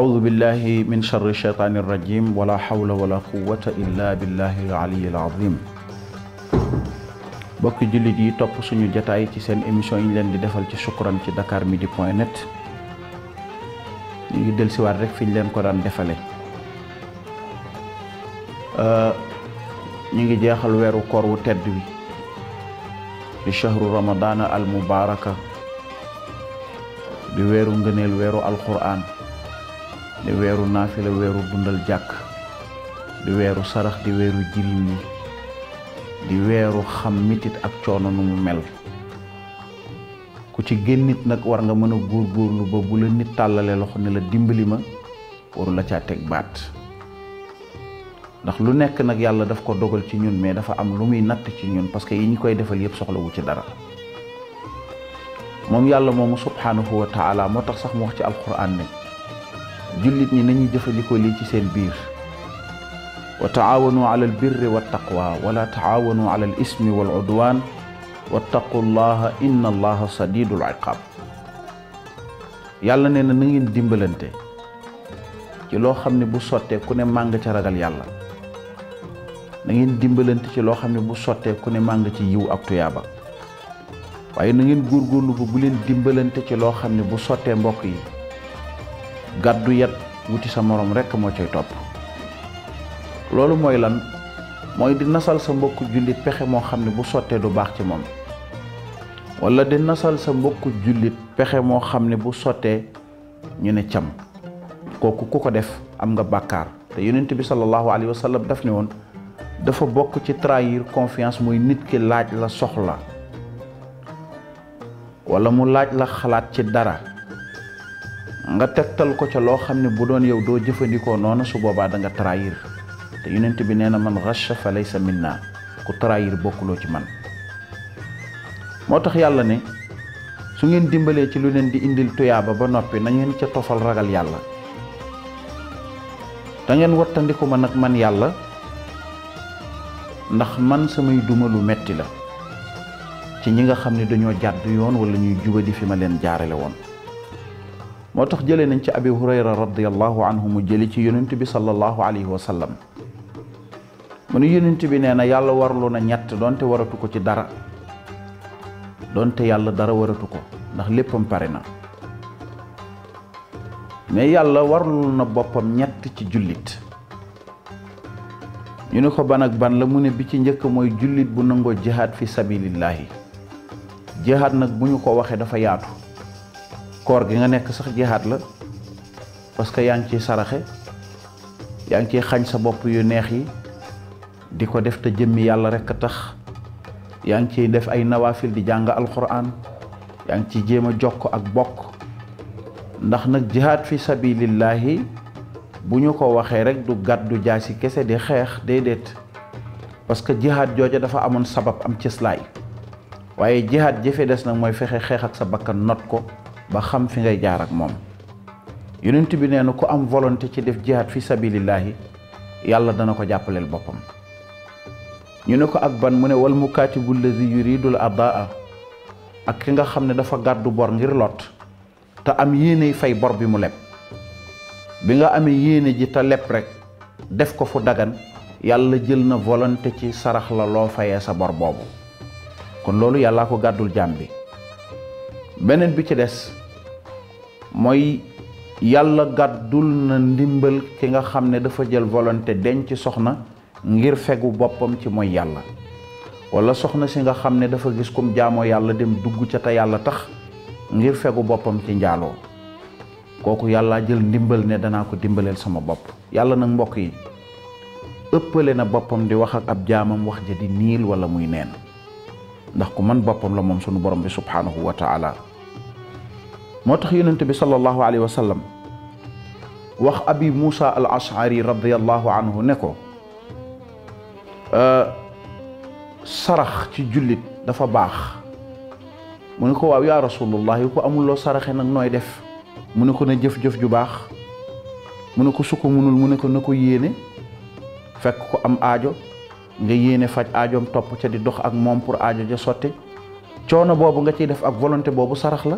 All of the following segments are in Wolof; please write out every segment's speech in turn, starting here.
أعوذ بالله من شر الشيطان الرجيم ولا حول ولا illa إلا بالله العلي العظيم bokki jullit yi topp suñu jataay ci seen émission yi ñu leen di defal ci Shukran ci Dakar Midi point net ñu ngi dellusiwaat rek fi ñu leen ko daan defale ñu ngi jeexal weeru koor wu tedd wi di shahru ramadana al mubaraka di weeru ngëneel weeru alquran weeru weeru la weeru dundal jàkk di weeru sarax di weeru jirim yi di weeru xam mitit ak coono nu mu mel ku ci nit nag war nga mën a góorgóorlu ba bu la nit tàllalee loxo ne la dimbali ma waru la caa teg baat ndax lu nekk nag yàlla daf ko dogal ci ñun mais dafa am lu muy natt ci ñun parce que yi ñu koy defal yëpp soxlawu ci dara moom yàlla moomu subhaanahu wa taala moo tax sax mu wax ci alquran ne jullit ñi nañuy jëfandikoo lii ci seen biir wa taawanu ala al birri wa taqwa wala taawanu ala al ismi wal udwan wattaqu llaha inna allaha sadidul iqab yàlla nee na nangeen dimbalante ci loo xam ne bu sottee ku ne màng ca ragal yàlla nangeen ngeen dimbalante ci loo xam ne bu sottee ku ne màng ci yiw ak tuyaaba waaye na ngeen góorgóorlu ba bu leen dimbalante ci loo xam ne bu sottee mbokk yi gàddu yet wuti sa moroom rekk moo cay topp loolu mooy lan mooy di nasal sa mbokku jullit pexe moo xam ne bu sottee du baax ci moom wala di nasal sa mbokku jullit pexe moo xam ne bu sottee ñu ne cam kooku ku ko def am nga bàkkaar te yonent bi sallallahu alayhi wa sallam daf ne woon dafa bokk ci trahir confiance muy nit ki laaj la soxla wala mu laaj la xalaat ci dara nga tegtal ko ca loo xam ne bu doon yow doo jëfandikoo noonu su boobaa danga nga te yunent bi nee na man xasha fa laysa naa ku trahir bokkuloo ci man moo tax yàlla ne su ngeen dimbalee ci lu leen di indil tuyaaba ba noppi na ngeen ca tofal ragal yàlla da ngeen wattandiku ma nag man yàlla ndax man samay duma metti la ci ñi nga xam ne dañoo jàdd yoon wala ñuy jubadi fi ma leen jaarale woon moo tax jëlee nañ ci abi hurayra radiallahu anhu mu jëli ci yonent bi sallallahu alayhi wa sallam mu ne yonent bi nee na yàlla warlu na ñett donte waratu ko ci dara donte yàlla dara waratu ko ndax léppam pare na mais yàlla warlu na boppam ñett ci jullit ñu ne ko ban ak ban la mu ne bi ci njëkk mooy jullit bu nangoo jihaad fi sabilillahi jihaad nag bu ñu ko waxee dafa yaatu koor gi nga nekk sax jihaat la parce que yaa ngi ciy saraxe yaa ngi ciy xañ sa bopp yu neex yi di ko def te jëmmi yàlla rekk tax yaa ngi ciy def ay nawaafil di jàng alquran yaa ngi ciy jéem a jokk ak bokk ndax nag jihaad fi sabilillahi bu ñu ko waxee rek du gàtt gàddu jaasi kese di xeex déedéet parce que jihaad jooja dafa amoon sabab am cëslaay waaye jihaad jëfe des nag mooy fexe xeex ak sa bakkan not ko ba xam fi ngay jaarak ak moom yonent bi nee na ko am volonté ci def jihaad fi sabilillahi yàlla dana ko jàppaleel boppam ñu ne ko ak ban mu ne wal mukaatibu lazi yuridul adaa ak ki nga xam ne dafa gàddu bor ngir lot te am yéene fay bor bi mu leb bi nga amee yéene ji te leb rek def ko fu dagan yàlla jël na volonté ci sarax la loo fayee sa bor boobu kon loolu yàllaa ko gàddul jaam bi beneen bi ci des mooy yàlla gàddul na ndimbal ki nga xam ne dafa jël volonté denc soxna ngir fegu boppam ci mooy yàlla wala soxna si nga xam ne dafa gis kum jaamoo yàlla dem dugg ca te yàlla tax ngir fegu boppam ci njaaloo kooku yàlla jël ndimbal ne danaa ko dimbaleel sama bopp yàlla nag mbokk yi ëppale na boppam di wax ak ab jaamam wax ja di niil wala muy neen ndax ku man boppam la moom sunu borom bi subhaanahu wa moo tax yonent bi sallallahu alayhi wa sallam wax abi Moussa al Ashari radiallahu anhu ne ko euh, sarax ci jullit dafa baax mu ne ko waaw yaa rasulullah yu ko amuloo saraxe nag nooy def mu ne ko na jëf-jëf ju baax mu ne ko su ko munul mu ne ko na ko yéene fekk ko am aajo nga yéene faj aajoom topp ca di dox ak moom pour aajo ja sotti coono boobu nga ciy def ak volonté boobu sarax la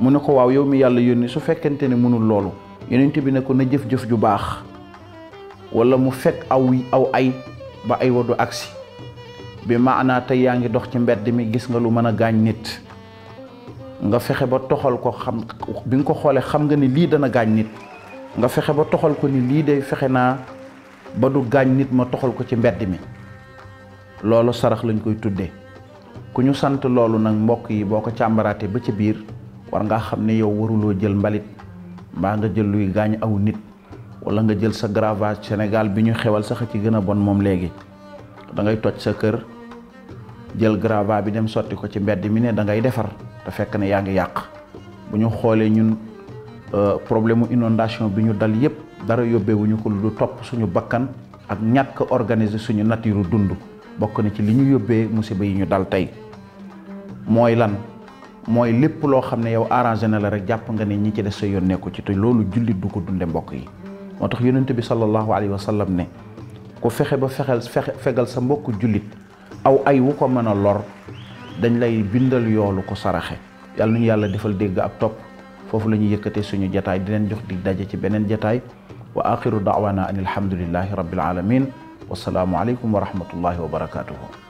mu ne ko waaw yow mi yàlla yónni su fekkente ne mënul loolu yonent bi ne ko na jëf-jëf ju baax walla mu fekk aw aw ay ba ay wadu agsi bi maanaa tey yaa ngi dox ci mbedd mi gis nga lu mën a gaañ nit nga fexe ba toxal ko xam bi nga ko xoolee xam nga ni lii dana gaañ nit nga fexe ba toxal ko ni lii day fexe naa ba du gaañ nit ma toxal ko ci mbedd mi loolu sarax lañ koy tuddee ku ñu sant loolu nag mbokk yi boo ko càmbaraatee ba ca biir war ngaa xam ne yow waruloo jël mbalit mbaa nga jël luy gaañ aw nit wala nga jël sa gravage Sénégal bi ñu xewal sax a ci gën a bon moom léegi da ngay toj sa kër jël gravage bi dem sotti ko ci mbedd mi ne da ngay defar te fekk ne yaa ngi yàq bu ñu xoolee ñun euh, problème mu inondation bi ñu dal yépp dara yóbbewuñu ko lu topp suñu bakkan ak ñàkk organiser suñu nature dund bokk na ci li ñu yóbbee musiba yi ñu dal tey mooy lan mooy lépp loo xam ne yow arrangé na la rek jàpp nga ne ñi ci def sa yoon nekku ci te loolu jullit du ko dunde mbokk yi moo tax yonent bi sallallahu alayhi wa sallam ne ku fexe ba fexel fexe fegal sa mbokku jullit aw ay wu ko mën a lor dañ lay bindal yoolu ko saraxe yàlla nañu yàlla defal dégg ak topp foofu la ñuy yëkkatee suñu jataay di leen jox di daje ci beneen jataay wa axiru daawana an alhamdulillahi rabbil alamin wasalaamu aleykum wa rahmatullahi wa barakatuhu